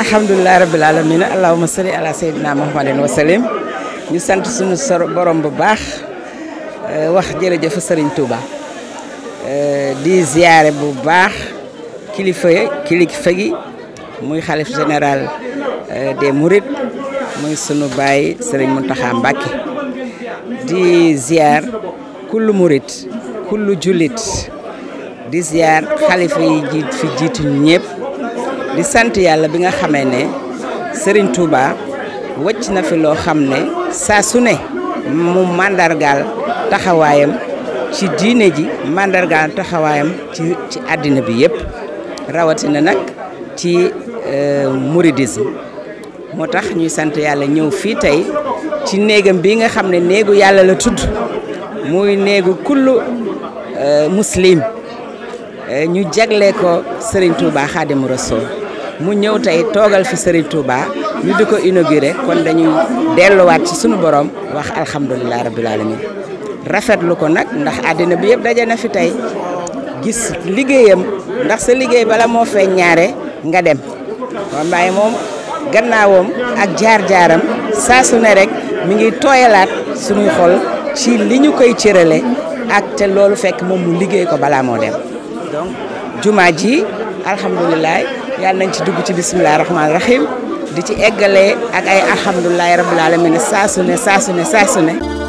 alhamdulilah rabil alamin allahuma salli ala sayyidina muhammadin wa salim ñu sant suñu borom bu baax euh, wax jërëjëf sëriñ Touba euh, di ziare bu baax kilifa kilifa gi muy xalif général euh, de Mourides muy sunu baay sëriñ Mountakha Mbacké di ziar kullu Mouride kullu jullit di ziar xalifa yi jiit fi ñëpp. di sant yàlla bi nga xamee ne sëriñ Touba wëcc na fi loo xam ne saasu ne mu màndargal taxawaayam ci diine ji màndargaal taxawaayam ci ci àddina bi yëpp rawatina nag ci euh, mouridisme moo tax ñuy sant yàlla ñëw fii tey ci néegam bi nga xam ne néegu yàlla la tudd muy néegu kullu euh, muslim euh, ñu jagle ko Serigne Touba Xaadimu Rasuul mu ñëw tey toogal fi Serigne Touba ñu di ko inauguré kon dañuy delluwaat ci sunu borom wax alhamdulilah rabbil alamin rafetlu ko nag ndax àddina bi na fi tey gis liggéeyam ndax sa liggéey bala moo feeñ ñaare nga dem kon mbaay moom gannaawam ak jaar-jaaram saa su ne rek mi ngi tooyalaat sunuy xol ci li koy ak fekk mu ko balaa moo dem donc yàlla nañ ci dugg ci bisimilah rahmaani rahim di ci eggalee ak ay alhamdulilah rabil aalamiina saa su ne saa su ne saa su